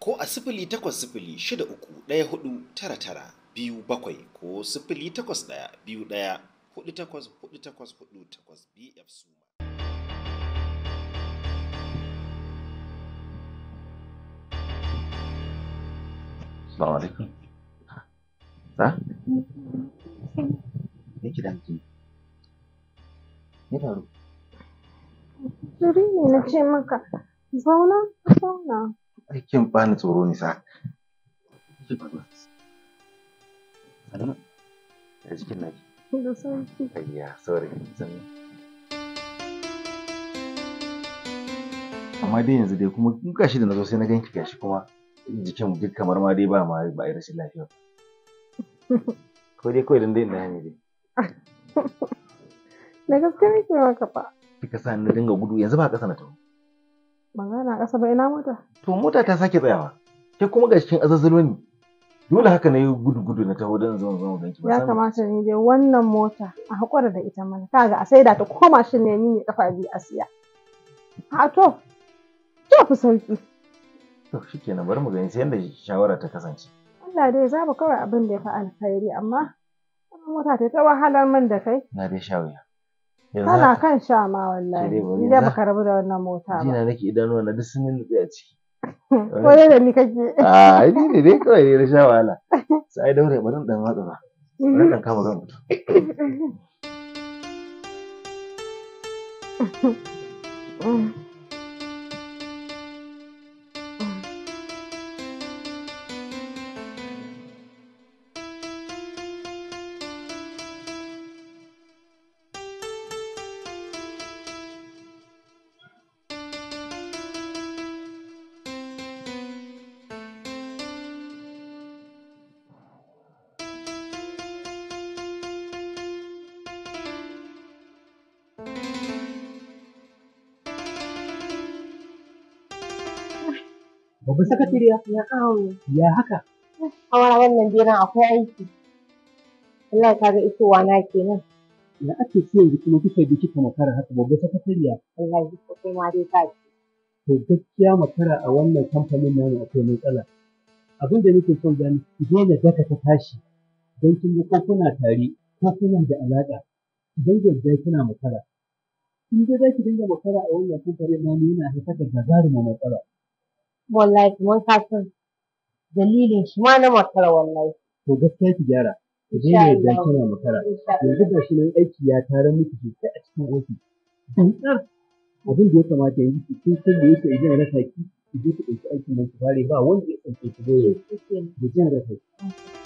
ko a sifili takwas sifili shida uku ɗaya hudu tara tara biyu bakwai ko sifili takwas ɗaya biyu ɗaya hudu takwas hudu takwas hudu takwas bf suma. Assalamu alaikum. Sa? Me ki? Me faru? ne na ce maka zauna zauna. aikin bani tsoro ne sa sannan a jikin naki da sauki ayya sorry amma dai yanzu dai kuma in gashi da nazo sai na ganki gashi kuma jikin duk kamar ma dai ba ma ba a rashin lafiya ko dai kawai dan dai ina ne dai na gaskiya nake maka fa kika sa ni dinga gudu yanzu ba kasa na tawo magana ƙasa ba ina mota to mota ta sake tsayawa ke kuma ga cikin azazzalo ne dole haka na yi gudu-gudu na taho don zuwa zuwa ganki ya kamata ni dai wannan mota a haƙura da ita mana kaga a saida ta ko mashin ne ni kafa biyu a siya a to ta fi sauƙi. to na bari mu gani sai yadda shawara ta kasance Allah dai za mu kawai abin da ya fi alkhairi amma mota ta ta wahalar man da kai na dai shawara. kana kan sha ma wallahi idan baka rabu da wannan mota ba jina nake idanuwa na duk sun nutse a ciki ko da ni kake a ni ne dai kawai ne na sha wahala sai daure bari dan watsa ba bari dan kama kan mutum Babban sakatariya? Ya kawo. Ya haka? wani wannan jiran akwai aiki. Allah ka ga isowa na kenan. Ya ake ce yanzu kuma kika bi kika makara haka babban sakatariya? Allah ya ko kai ma dai ka ce. To gaskiya makara a wannan kamfanin namu akwai matsala. Abin da nake son gani ki daka ta tashi don kin ga ko kuna tare ko kuna da alaƙa idan yarda kina makara. In ga za ki dinga makara a wannan kamfanin namu yana haifar da gagarumin matsala. wallahi kuma ka san dalilin shi ma na makara wallahi to gaskiya ki gyara ku je ne dan kana makara yanzu da shi nan aiki ya tare miki sosai a cikin ofis tsantsar abin da ya kamata yanzu ki kin san da yake idan rasa ki ki je ki ɗauki aikin nan ki fare ba wanda ya tsani ki zo yau da jin rasa ki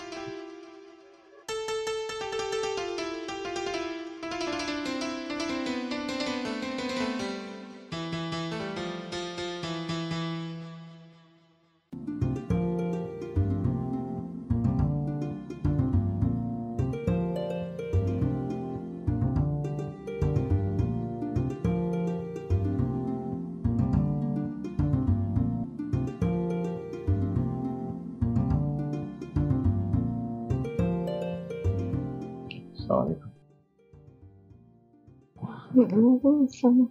Shin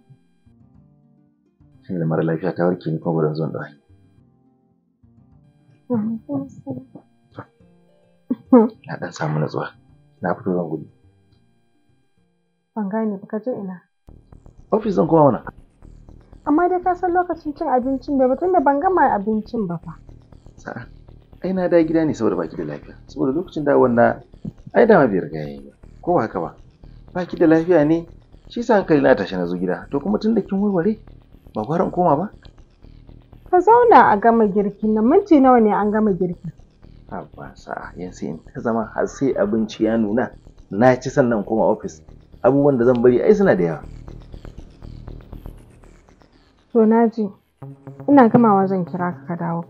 Sai da mara lafiya ta warke ni kuma ba da wani. Na ɗan samu natsuwa. Na fito zan gudu. Ban gane ba ka je ina. Ofis zan koma mana. Amma dai ka san lokacin cin abincin bai ba tunda ban gama abincin ba fa. Sa'a. Ai na da gida ne saboda baki da lafiya. Saboda lokacin da na ai dama bai riga yayi ba. Ko ba haka ba? Baki da lafiya ne shi sa hankali na tashi na zo gida to kuma tun da kin warware ba gwara koma ba ka zauna a gama girki nan minti nawa ne an gama girki ba sa'a yanzu in ta zama har sai abinci ya nuna na ci sannan koma ofis abubuwan da zan bari ai suna da yawa to na ina gamawa zan kira ka ka dawo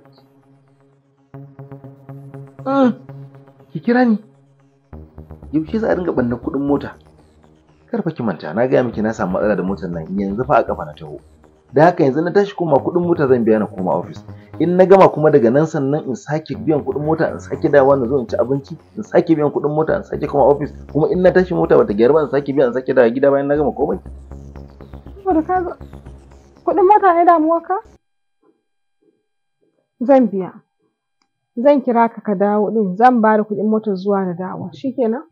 ah, ki kira ni yaushe za a dinga ɓanna kuɗin mota Karfa ki manta na gaya miki na samu matsala da motar nan yanzu fa a kafa na taho da haka yanzu na tashi kuma kuɗin mota zan biya na koma ofis in na gama kuma daga nan sannan in sake biyan kuɗin mota in sake dawa na zo in ci abinci in sake biyan kuɗin mota in sake koma ofis kuma in na tashi mota bata gyaru ba in sake biya in sake dawa gida bayan na gama komai saboda ka zo kuɗin mota ne damuwa ka zan biya zan kira ka ka dawo din zan ba da kuɗin mota zuwa da dawo shikenan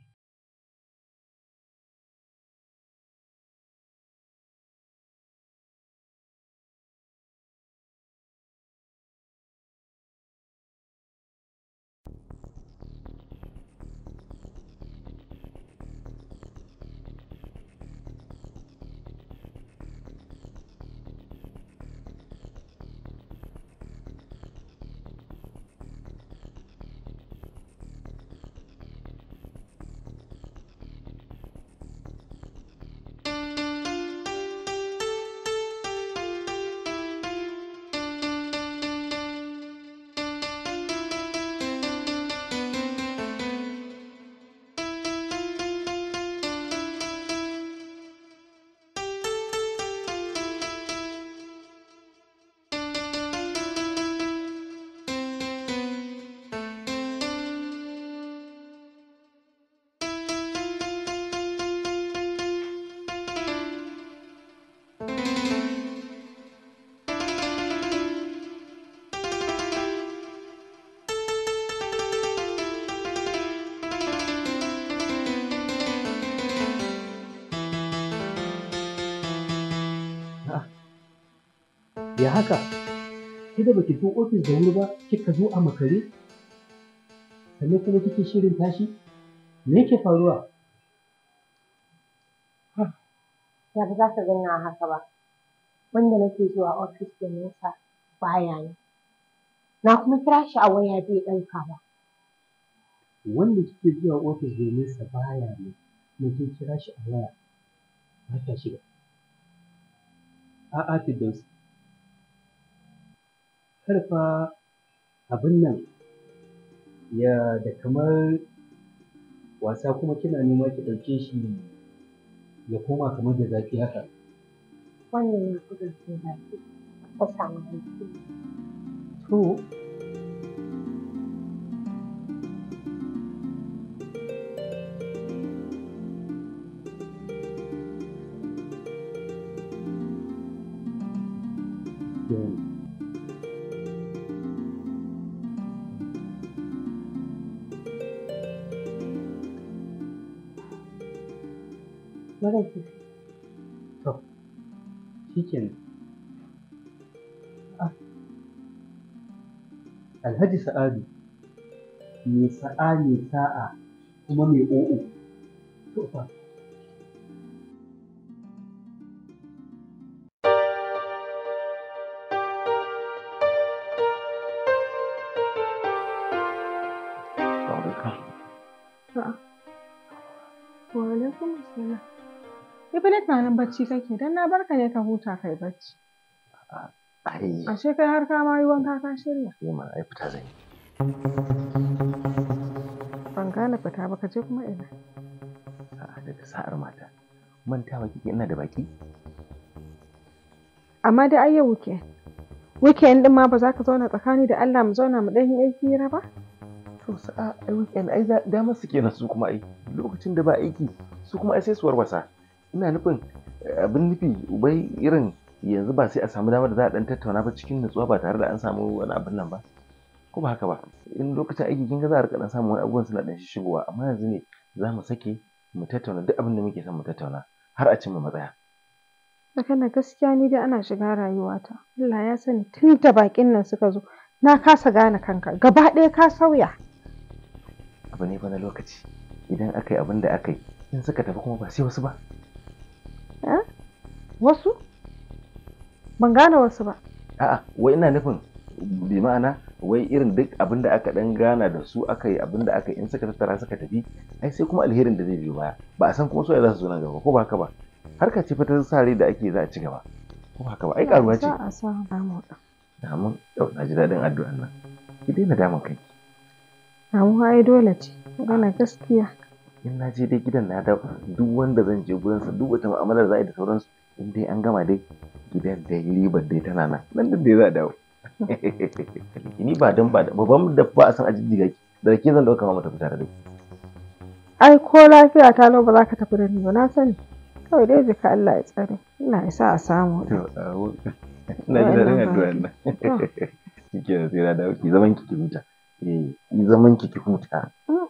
ya haka ki da baki tun ofis da wuri ba kika zo a makare sannan kuma kike shirin tashi me ke faruwa ah. ya ba za ka ganna haka ba wanda nake zuwa ofis da nesa baya ne na kuma kira shi a waya bai ɗauka ba wanda kike zuwa ofis da nesa baya ne mutum kira shi a waya ba ta shiga a'a Firdausi karfa abin nan ya da kamar wasa kuma kina nema ki ɗauke shi ya koma kamar da zafi haka. Wannan ya kudin zafi, ta samu To, mara Alhaji Sa'adu mai sa'a mai sa'a kuma mai o'o dai ni bacci kake dan na barka ne ka huta kai bacci. Ashe kai har ka ma yi wanka ka shirya. Ni ma ai fita zan yi. Ban gane fita ba ka je kuma ina. A'a daga sa'ar mata. Mantawa kike ina da baki? Amma dai ai yau weekend. Weekend din ma ba za ka zauna tsakani da Allah mu zauna mu dan yi aiki hira ba? To sa'a ai weekend ai damar su kenan su kuma ai lokacin da ba aiki su kuma ai sai su warwasa. ina nufin eh, abin nufi ubai irin yanzu ba sai a samu damar da za a dan tattauna ba cikin nutsuwa ba tare da an samu wani abin nan ba ko ba haka ba in lokacin aiki kin ga za a rika dan samun wani abubuwan suna dan shigowa amma yanzu ne za mu sake mu tattauna duk abin da muke son mu tattauna har a cimma matsaya na gaskiya ni dai ana shiga rayuwata. Allah ya sani tun da bakin nan suka zo na kasa gane kanka gaba ɗaya ka sauya. Abu ne ba na lokaci idan aka yi abin da aka yi in suka tafi kuma ba sai wasu ba. Eh? wasu ban gane wasu ba a'a wai ina nufin bi ma'ana wai irin duk abin da aka dan gana da su aka yi abin da aka in suka tattara suka tafi ai sai kuma alherin da zai biyo baya ba a san kuma soyayya za su zo nan gaba ko ba haka ba harka ce fitar sare da ake za a ci gaba ko ba haka ba ai karuwa ce a sa da damu yau na ji daɗin addu'an nan ki daina damun kai damuwa ai dole ce gana gaskiya in na je dai gidan na da duk wanda zan je gurinsa duk wata mu'amalar za a yi da sauransu in dai an gama dai gidan dai ribar dai tana nan nan da dai za a dawo ni ba dan ba da babban da ba a san ajin ki da ke zan dauka ma mata fita da dai ai ko lafiya ta lo ba za ka tafi da ni ba na sani kawai dai jika Allah ya tsare Ina isa a samu to na ji daɗin duwan nan kike da tsira da zaman ki ki huta eh zaman ki ki huta mm.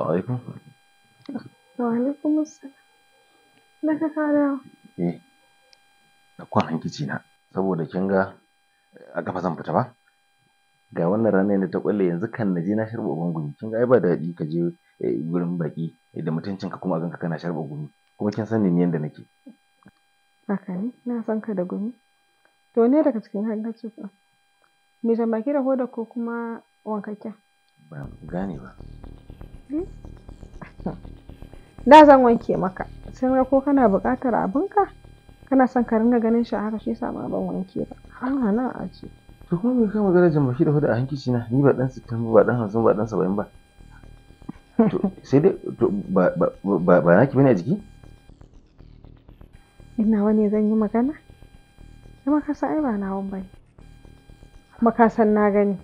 alaikum. Wa alaikum assalam. Na ka kara. Eh. Da kwan hankici na saboda kin ga a kafa zan fita ba. Ga wannan ranar da ta kwalle yanzu kan na je na sharba uban gumi. Kin ga ai ba daɗi ka je eh, gurin baki eh, da mutuncinka kuma a ganka kana sharba gumi. Kuma kin san ni yanda nake. Haka ne, na san ka da gumi. To ne daga cikin handkerchief ɗin. Me jamaki da hoda ko kuma wankakken? Ba gane ba. da zan wanke maka sai na ko kana buƙatar abinka kana son ka ringa ganin shi a haka shi yasa ma ban wanke ba ana nan a ce to kuma me kai magana shi da hudu a hankici na ni ba dan sittin ba dan hamsin ba dan saba'in ba to sai dai to ba ba ba naki bane a jiki ina wani zan yi magana kuma ka sa ai ba nawon bane kuma ka san na gani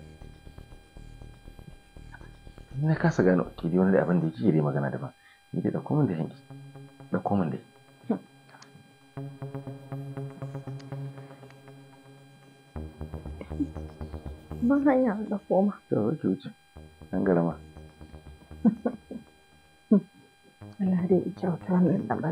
na kasa gano ke dai wani da abin da yake dai magana da hmm. ba ni da komai da yanki da komai dai ban hanya da koma to wuce wuce an garama Allah dai ya kyauta nan da ba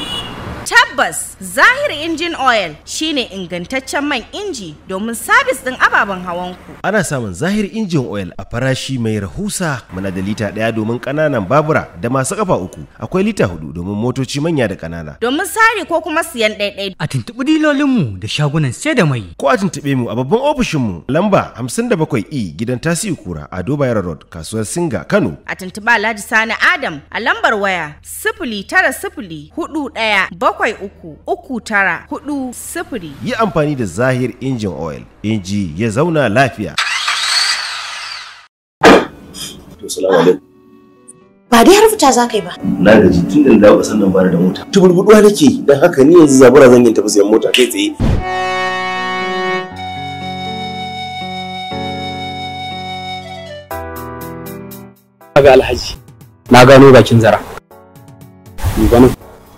Tabbas zahiri Injin Oil shine ingantaccen man inji domin sabis ɗin ababen hawanku. Ana samun zahiri Injin Oil a farashi mai rahusa muna da lita ɗaya domin kananan babura da masu ƙafa uku akwai lita hudu domin motoci manya da ƙanana. Domin sari ko kuma siyan ɗaiɗai. A tuntuɓi dilolinmu da shagunan sai da mai. Ko a tuntuɓe mu a babban ofishinmu lamba 57 E gidan tasiri Kura a Dubai Road kasuwar Singa Kano. A tuntuɓa Alhaji Sani Adam a lambar waya sifili tara sifili hudu ɗaya bakwai uku uku tara hudu sifiri. Yi amfani da Zahir injin oil, inji ya zauna lafiya. Ba dai har fita za ka yi ba. Na gaji tun da dawo kasan nan bara da mota. Tuburbuduwa nake don haka ni yanzu zabura zan yin tafi sayan mota kai tsaye. Ga alhaji. Na gano bakin zara. Gano.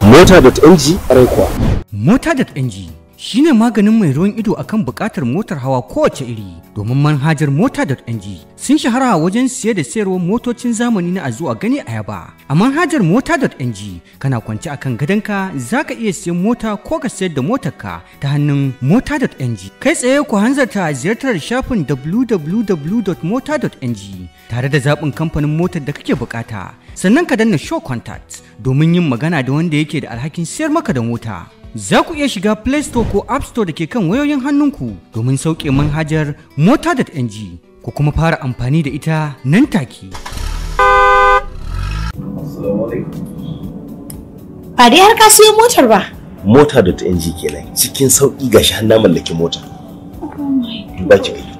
mota.ng kuwa. mota.ng shine maganin mai ruwan ido akan buƙatar motar hawa kowace iri domin manhajar mota.ng sun shahara wajen siye da sayarwar motocin zamani na azuwa gani ayaba, a manhajar mota.ng kana kwance akan gadonka za ka iya siyan mota ko ka sayar da ka ta hannun mota.ng kai tsaye ku hanzarta ziyartar shafin www.mota.ng tare da zaɓin kamfanin motar da kake bukata sannan ka danna show contact domin yin magana da wanda yake da alhakin sayar maka da mota za ku iya shiga Play Store ko App Store da ke kan wayoyin hannunku domin sauƙe manhajar mota.ng ku kuma fara amfani da ita nan take. Ba dai har ka siyo motar ba. Mota.ng kenan cikin sauƙi ga shi na mallaki mota. Duba ki gani.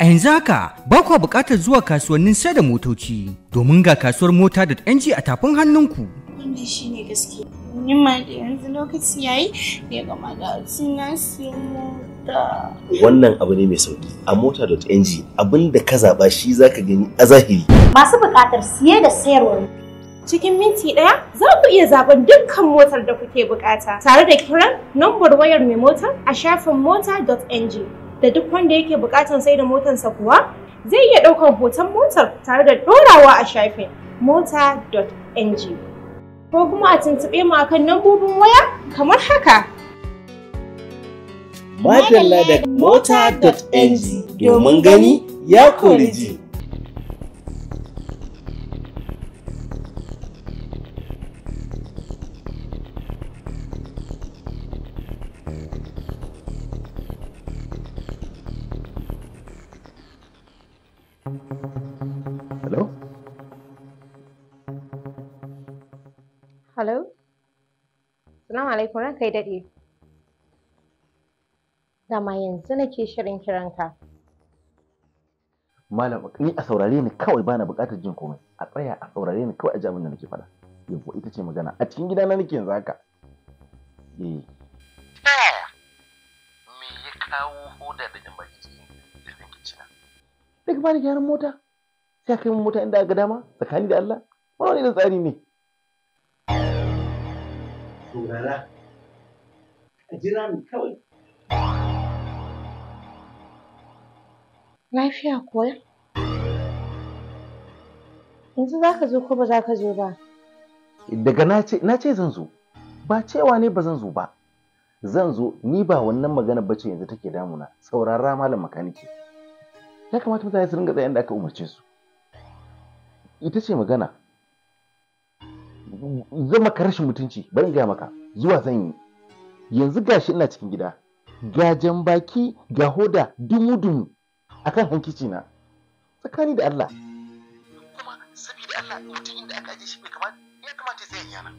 A yanzu haka ba kwa buƙatar zuwa kasuwannin sai da motoci domin ga kasuwar mota.ng a tafin hannunku. Wannan shine gaskiya. nima da yanzu lokaci yayi da ya gama da na siyo mota. Wannan abu ne mai sauki a mota.ng abin da ka zaba shi zaka gani a zahiri. Masu buƙatar siye da sayarwar Cikin minti ɗaya za ku iya zaɓen dukkan motar da kuke buƙata tare da kiran nambar wayar mai motar a shafin mota.ng da duk wanda yake buƙatar sai da motarsa kuwa zai iya ɗaukar hoton motar tare da ɗorawa a shafin mota.ng. ko kuma a tuntuɓe mu akan lambobin waya kamar haka. Madalla da mota.ng domin gani ya kori ji. Hello? Salamu alaikum ranka ya daɗe. Dama yanzu nake shirin kiranka. Malam ni a saurare ni kawai bana buƙatar jin komai. A tsaya a saurare ni kawai a ji abin da nake faɗa. Yabo ita ce magana a cikin gidana nake yanzu haka. Eh. me ya kawo hoda da jan baki cikin jirgin kicina? Duk bani gyaran mota. Sai kai mun mota inda ga dama tsakani da Allah. Wani ne tsari ne? saurara a jira ni kawai lafiya kuwa yanzu za ka zo ko ba za ka zo ba daga na ce zan zo ba cewa ne ba zan zo ba zan zo ni ba wannan magana bace yanzu take damuna saurara malam makaniki ya kamata mutane su ringa tsaye da aka umarce su ita ce magana zan maka rashin mutunci bari in gaya maka zuwa zan yi yanzu gashi ina cikin gida ga jan baki ga hoda dumu dumu akan hankici na tsakani da Allah kuma saboda Allah mutum inda aka aje shi bai kamata ya kamata sai yana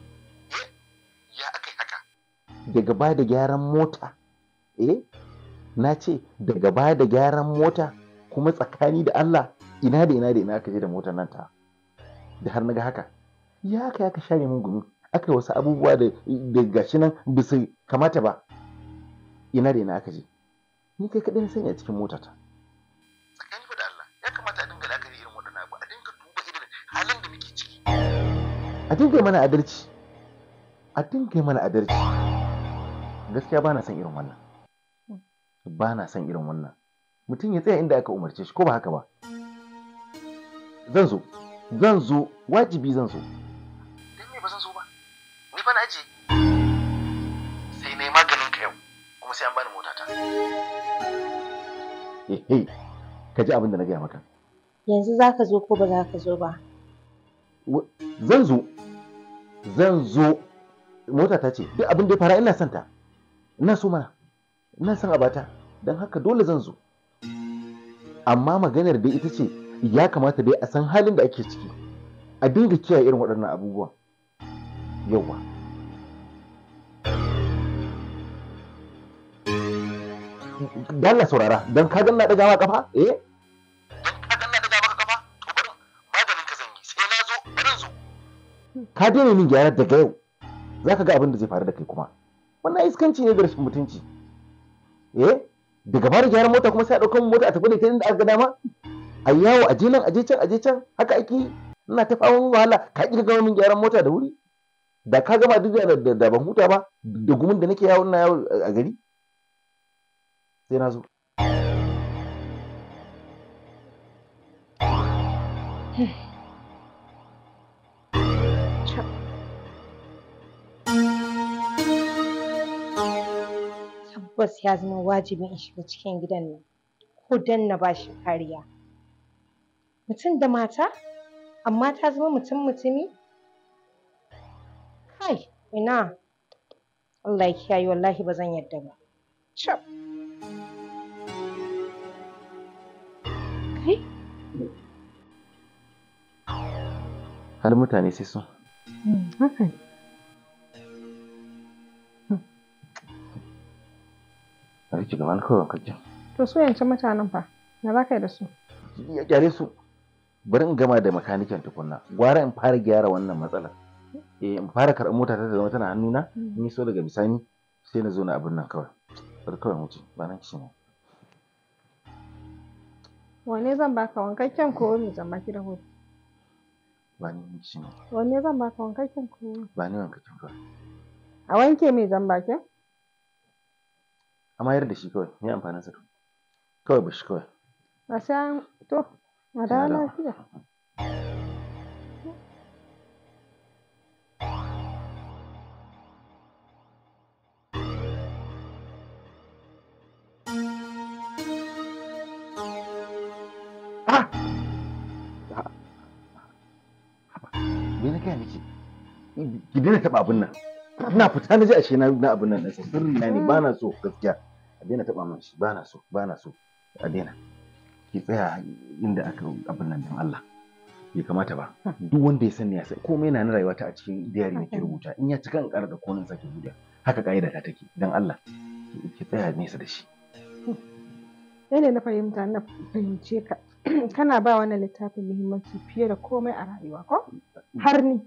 eh ya akai haka daga baya da gyaran mota eh na ce daga baya da gyaran mota kuma tsakani da Allah ina da ina da ina aka je da motar nan ta da har na ga haka ya haka ya ka share min gumi aka wasu abubuwa da gashi nan bisu kamata ba ina da ina aka je ni kai kaɗai na sanya cikin motata ta ya kamata a dinga irin waɗannan a dinga duba irin halin da muke ciki a dinga mana adalci a dinga mana adalci gaskiya ba na son irin wannan ba na san irin wannan mutum ya tsaya inda aka umarce shi ko ba haka ba zan zo zan zo wajibi zan zo ba zan zo ba ni fa na aje sai na maganin ka yau kuma sai an bani motata eh, ka ji abin da na gaya maka yanzu za ka zo ko ba za ka zo ba zan zo zan zo motata ce duk abin da ya fara ina son ta ina so mana ina son abata don haka dole zan zo amma maganar da ita ce ya kamata dai a san halin da ake ciki a dinga kiyaye irin waɗannan abubuwan yauwa dalla saurara don ka ganna daga ma kafa eh ka daina min gyara daga yau za ka ga abin da zai faru da kai kuma wannan iskanci ne da rashin mutunci eh daga fara gyaran mota kuma sai a ɗaukan mota a tafi da ta inda aka dama a yawo a je nan a je can a je can haka ake ina ta fawon wahala ka ƙi gama min gyaran mota da wuri da ka gama duk da ban huta ba mm. da gumin da nake yawon na yawon a gari sai na zo tabbas ya zama wajibi in shiga cikin gidan nan ko dan na ba shi kariya mutum da mata amma ta zama mutum mutumi ina Allah ya kiyaye wallahi ba zan yadda ba cap kai har mutane sai su hmm, haka ne hmm. ki gaban kawai kajin to su yanci mutanen fa na za ka yi da su ya kyale su bari in gama da makanikin tukunna gwara in fara gyara wannan matsalar Eh, fara karɓar mota ta zama tana hannuna mm. in so daga bisani sai na zo na abin nan kawai bari kawai wuce ba nan kishin ne wane zan baka wankakken ko wani zama ki da hudu ba ni shi ne wane zan baka wankakken ko ba ni wankakken ba a wanke mai zan bakin a mayar da shi kawai ni amfanin sa kawai ba shi kawai a sha to a da lafiya daina taɓa abin nan ina fita na ji ashe na na abin nan ɗansa sirri na ne ba na so gaskiya a daina taɓa min shi ba na so ba na so a daina ki tsaya inda aka abin nan don Allah bai kamata ba duk wanda ya sani ya san komai na na rayuwa ta a cikin diary nake rubuta in ya cika in ƙara da konin sake buɗe haka ka'ida ta take don Allah ki tsaya nesa da shi sai ne na fahimta na fahimce ka kana ba wannan littafin muhimmanci fiye da komai a rayuwa ko har ni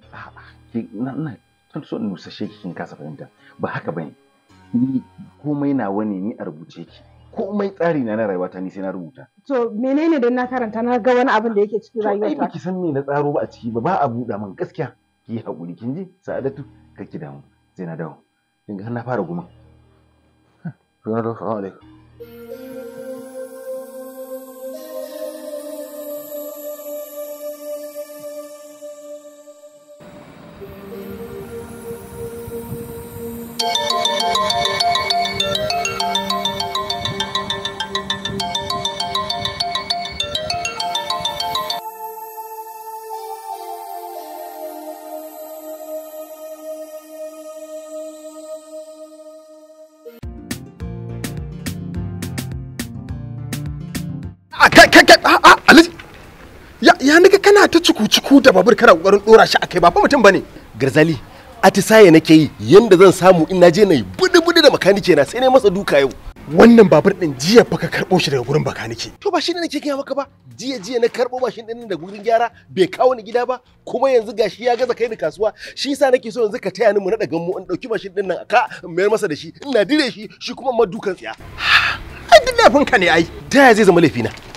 Sun so in nusa ki kin kasa fahimta. Ba haka bane. Ni komai na wani ni a rubuce ki. Komai tsari na na rayuwata ni sai na rubuta. To menene dan na karanta na ga wani abin da yake cikin rayuwata. To ai san me na tsaro ba a ciki ba ba a buɗa min gaskiya. Ki yi hakuri kin ji Sa'adatu kake damu. Sai na dawo. Kin ga na fara guma. Assalamu alaikum. kai ya ya kana ta cuku-cuku da babur kana kokarin dora shi akai ba fa mutum bane garzali atisaye nake yi yanda zan samu in naje nayi buɗe budu da makanike na sai masa duka yau wannan babur ɗin jiya ba ka karɓo shi daga gurin makanike. to ba shi ne nake gaya maka ba jiya jiya na karbo mashin din da gurin gyara bai kawo ni gida ba kuma yanzu gashi ya gaza kai ni kasuwa shi yasa nake so yanzu ka taya ni mu naɗa mu. in dauki mashin ɗin nan ka mayar masa da shi ina dire shi shi kuma ma dukan tsiya ai duk ne ai da ya zai zama laifina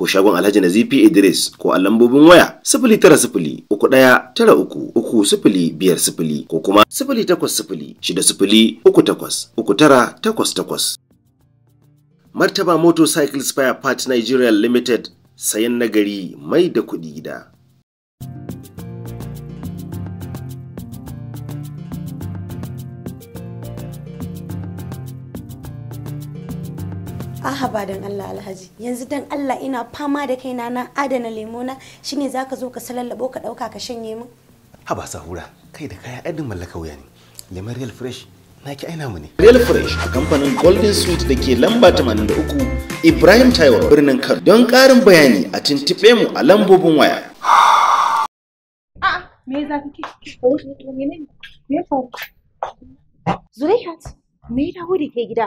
ko shagon Alhaji Nazifi Idris ko a lambobin waya sifili tara sifili uku ɗaya tara uku biyar sifili ko kuma sifili takwas shida sifili uku takwas uku tara takwas Martaba Motorcycle Spare Part Nigeria Limited sayan nagari mai da kuɗi gida. Ahaba dan Allah alhaji yanzu dan Allah ina fama da kaina na adana lemona shine zaka zo ka salallabo ka dauka ka shanye min haba sahura kai da kaya ɗan mallaka wuya ne lemon real fresh na ki aina mu ne real fresh a kamfanin golden sweet da ke lamba 83 ibrahim taiwo birnin kano don ƙarin bayani a tuntuɓe mu a lambobin waya me za ka ke me faru zulaihat me ya dawo da ke gida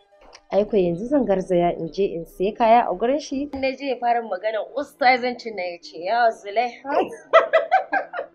aiko yanzu zan garzaya in je in sai kaya a gurin shi na je ya fara magana ustazancin na ya ce yawa zule.